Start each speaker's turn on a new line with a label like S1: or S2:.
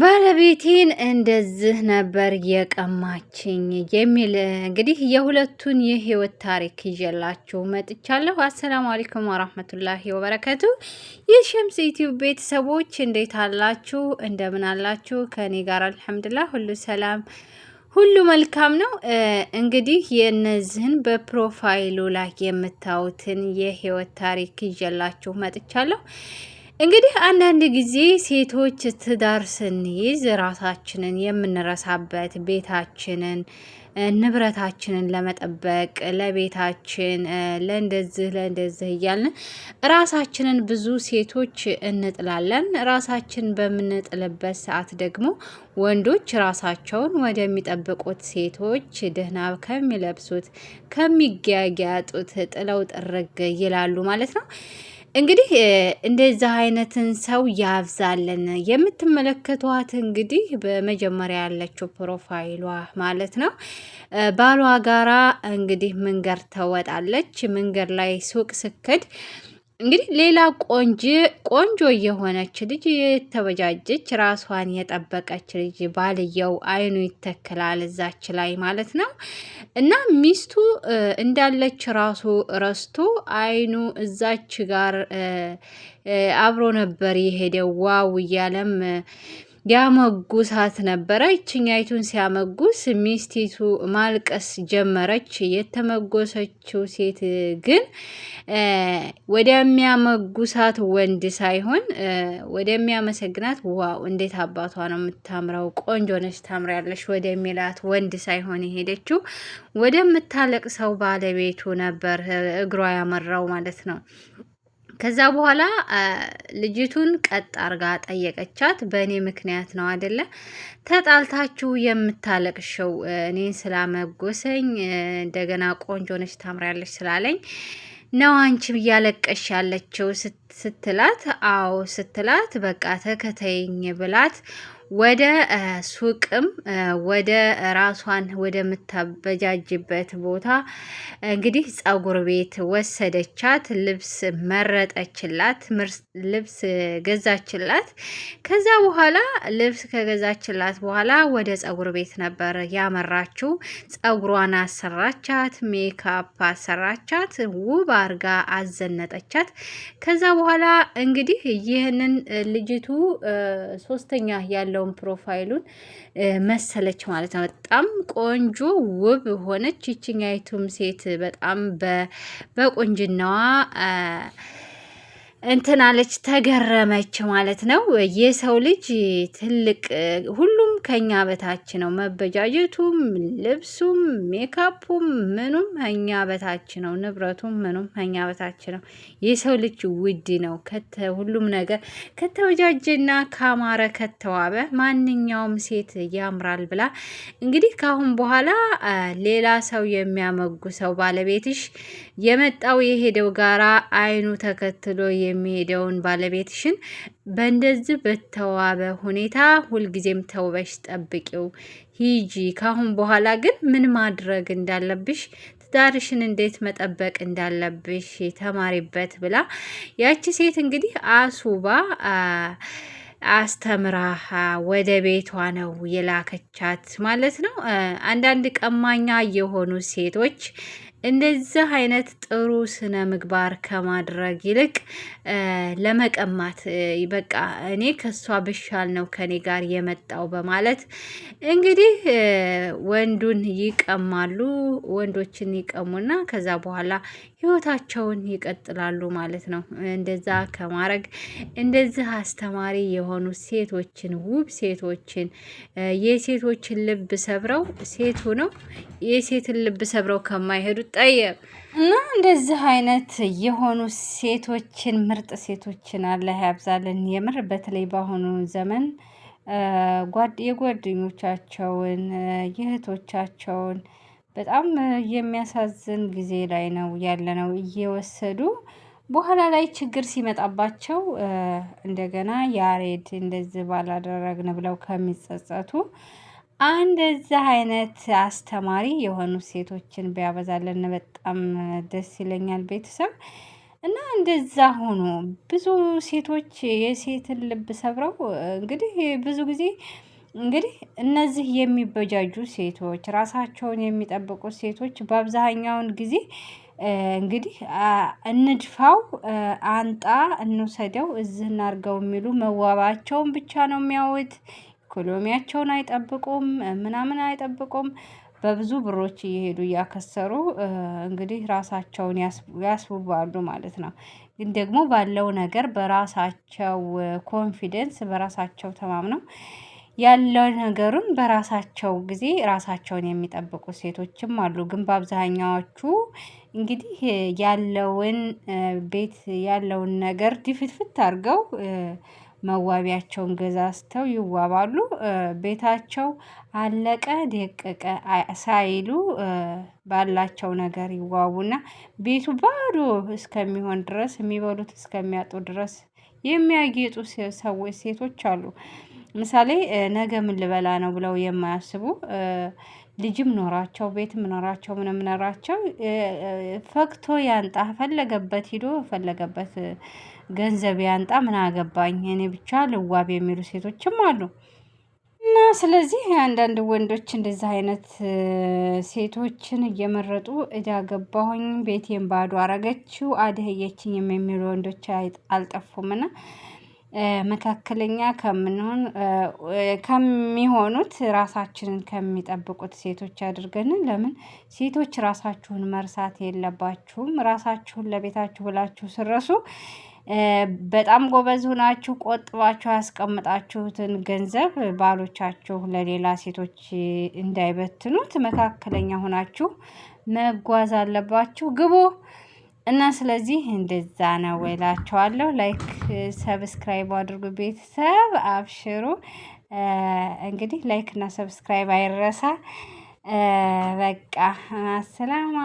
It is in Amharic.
S1: ባለቤቴን እንደዚህ ነበር የቀማችኝ የሚል እንግዲህ የሁለቱን የህይወት ታሪክ ይዤላችሁ መጥቻለሁ። አሰላሙ አለይኩም ወራህመቱላሂ ወበረከቱ። የሸምስ ዩቲዩብ ቤተሰቦች እንዴት አላችሁ? እንደምን አላችሁ? ከእኔ ጋር አልሐምዱሊላህ ሁሉ ሰላም ሁሉ መልካም ነው። እንግዲህ የእነዚህን በፕሮፋይሉ ላይ የምታዩትን የህይወት ታሪክ ይዤላችሁ መጥቻለሁ። እንግዲህ አንዳንድ ጊዜ ሴቶች ትዳር ስንይዝ ራሳችንን የምንረሳበት ቤታችንን ንብረታችንን ለመጠበቅ ለቤታችን ለእንደዚህ ለእንደዚህ እያልን ራሳችንን ብዙ ሴቶች እንጥላለን። ራሳችን በምንጥልበት ሰዓት ደግሞ ወንዶች ራሳቸውን ወደሚጠብቁት ሴቶች ደህና ከሚለብሱት ከሚገያጊያጡት ጥለው ጥርግ ይላሉ ማለት ነው። እንግዲህ እንደዛ አይነትን ሰው ያብዛልን። የምትመለከቷት እንግዲህ በመጀመሪያ ያለችው ፕሮፋይሏ ማለት ነው። ባሏ ጋራ እንግዲህ መንገድ ተወጣለች። መንገድ ላይ ሱቅ ስክድ እንግዲህ ሌላ ቆንጆ ቆንጆ የሆነች ልጅ የተበጃጀች ራሷን የጠበቀች ልጅ ባልየው አይኑ ይተክላል እዛች ላይ ማለት ነው። እና ሚስቱ እንዳለች ራሱ ረስቶ አይኑ እዛች ጋር አብሮ ነበር የሄደው ዋው እያለም ያመጉሳት ነበረ። ይችኛይቱን ሲያመጉስ ሚስቲቱ ማልቀስ ጀመረች። የተመጎሰችው ሴት ግን ወደሚያመጉሳት ወንድ ሳይሆን ወደሚያመሰግናት ዋው እንዴት አባቷ ነው የምታምረው ቆንጆ ነች ታምሪያለሽ ወደሚላት ወንድ ሳይሆን የሄደችው ወደምታለቅሰው ባለቤቱ ነበር እግሯ ያመራው ማለት ነው። ከዛ በኋላ ልጅቱን ቀጥ አርጋ ጠየቀቻት። በእኔ ምክንያት ነው አደለ ተጣልታችሁ የምታለቅሸው? እኔን ስላመጎሰኝ እንደገና ቆንጆ ነች ታምሪያለች ስላለኝ ነው አንቺ እያለቀሽ ያለችው ስትላት፣ አዎ ስትላት፣ በቃ ተከተይኝ ብላት ወደ ሱቅም ወደ ራሷን ወደምታበጃጅበት ቦታ እንግዲህ ጸጉር ቤት ወሰደቻት። ልብስ መረጠችላት፣ ልብስ ገዛችላት። ከዛ በኋላ ልብስ ከገዛችላት በኋላ ወደ ጸጉር ቤት ነበር ያመራችው። ጸጉሯን አሰራቻት፣ ሜካፕ አሰራቻት፣ ውብ አርጋ አዘነጠቻት። ከዛ በኋላ እንግዲህ ይህንን ልጅቱ ሶስተኛ ያለው ያለውን ፕሮፋይሉን መሰለች ማለት ነው። በጣም ቆንጆ ውብ ሆነች። ይችኛይቱም ሴት በጣም በቆንጅናዋ እንትናለች ተገረመች ማለት ነው። የሰው ልጅ ትልቅ ሁሉ ከኛ በታች ነው። መበጃጀቱም፣ ልብሱም፣ ሜካፑም ምኑም ከኛ በታች ነው። ንብረቱም ምኑም ከኛ በታች ነው። የሰው ልጅ ውድ ነው። ሁሉም ነገር ከተበጃጀና ካማረ ከተዋበ ማንኛውም ሴት ያምራል ብላ እንግዲህ ከአሁን በኋላ ሌላ ሰው የሚያመጉ ሰው ባለቤትሽ የመጣው የሄደው ጋራ አይኑ ተከትሎ የሚሄደውን ባለቤትሽን በእንደዚህ በተዋበ ሁኔታ ሁልጊዜም ተውበሽ ጠብቂው ሂጂ። ካሁን በኋላ ግን ምን ማድረግ እንዳለብሽ ትዳርሽን እንዴት መጠበቅ እንዳለብሽ ተማሪበት ብላ ያቺ ሴት እንግዲህ አሱባ አስተምራ ወደ ቤቷ ነው የላከቻት ማለት ነው። አንዳንድ ቀማኛ የሆኑ ሴቶች እንደዚህ አይነት ጥሩ ስነ ምግባር ከማድረግ ይልቅ ለመቀማት በቃ እኔ ከሷ ብሻል ነው ከኔ ጋር የመጣው በማለት እንግዲህ ወንዱን ይቀማሉ። ወንዶችን ይቀሙና ከዛ በኋላ ህይወታቸውን ይቀጥላሉ ማለት ነው። እንደዛ ከማድረግ እንደዚህ አስተማሪ የሆኑ ሴቶችን ውብ ሴቶችን የሴቶችን ልብ ሰብረው ሴቱ ነው የሴትን ልብ ሰብረው ከማይሄዱት ጠይብ
S2: እና እንደዚህ አይነት የሆኑ ሴቶችን ምርጥ ሴቶችን አላህ ያብዛልን። የምር በተለይ በአሁኑ ዘመን የጓደኞቻቸውን የእህቶቻቸውን በጣም የሚያሳዝን ጊዜ ላይ ነው ያለ ነው እየወሰዱ በኋላ ላይ ችግር ሲመጣባቸው እንደገና ያሬድ እንደዚህ ባላደረግን ብለው ከሚጸጸቱ እንደዚህ አይነት አስተማሪ የሆኑ ሴቶችን ቢያበዛለን በጣም ደስ ይለኛል። ቤተሰብ እና እንደዛ ሆኖ ብዙ ሴቶች የሴትን ልብ ሰብረው እንግዲህ ብዙ ጊዜ እንግዲህ እነዚህ የሚበጃጁ ሴቶች ራሳቸውን የሚጠብቁ ሴቶች በአብዛኛውን ጊዜ እንግዲህ እንድፋው፣ አንጣ፣ እንውሰደው፣ እዚህ እናርገው የሚሉ መዋባቸውን ብቻ ነው የሚያዩት። ኢኮኖሚያቸውን አይጠብቁም ምናምን አይጠብቁም። በብዙ ብሮች እየሄዱ እያከሰሩ እንግዲህ ራሳቸውን ያስውባሉ ማለት ነው። ግን ደግሞ ባለው ነገር በራሳቸው ኮንፊደንስ በራሳቸው ተማምነው ያለው ነገሩን በራሳቸው ጊዜ ራሳቸውን የሚጠብቁ ሴቶችም አሉ። ግን በአብዛኛዎቹ እንግዲህ ያለውን ቤት ያለውን ነገር ድፍትፍት አድርገው መዋቢያቸውን ገዛዝተው ይዋባሉ ቤታቸው አለቀ ደቀቀ ሳይሉ ባላቸው ነገር ይዋቡና ቤቱ ባዶ እስከሚሆን ድረስ የሚበሉት እስከሚያጡ ድረስ የሚያጌጡ ሰዎች ሴቶች አሉ። ምሳሌ ነገ ምን ልበላ ነው ብለው የማያስቡ ልጅም ኖራቸው ቤትም ኖራቸው ምንም ኖራቸው ያንጣ ፈለገበት ሂዶ ፈለገበት ገንዘብ ያንጣ ምን አገባኝ እኔ ብቻ ልዋብ የሚሉ ሴቶችም አሉ። እና ስለዚህ አንዳንድ ወንዶች እንደዚህ አይነት ሴቶችን እየመረጡ እዳ ገባሁኝ፣ ቤቴን ባዶ አረገችው፣ አደህየችኝ የሚሉ ወንዶች አልጠፉምና መካከለኛ ከምንሆን ከሚሆኑት ራሳችንን ከሚጠብቁት ሴቶች አድርገን ለምን ሴቶች ራሳችሁን መርሳት የለባችሁም ራሳችሁን ለቤታችሁ ብላችሁ ስረሱ በጣም ጎበዝ ሆናችሁ ቆጥባችሁ ያስቀምጣችሁትን ገንዘብ ባሎቻችሁ ለሌላ ሴቶች እንዳይበትኑት መካከለኛ ሆናችሁ መጓዝ አለባችሁ። ግቡ እና ስለዚህ እንደዛ ነው እላችኋለሁ። ላይክ ሰብስክራይብ አድርጉ ቤተሰብ አብሽሩ። እንግዲህ ላይክ እና ሰብስክራይብ አይረሳ። በቃ አሰላማ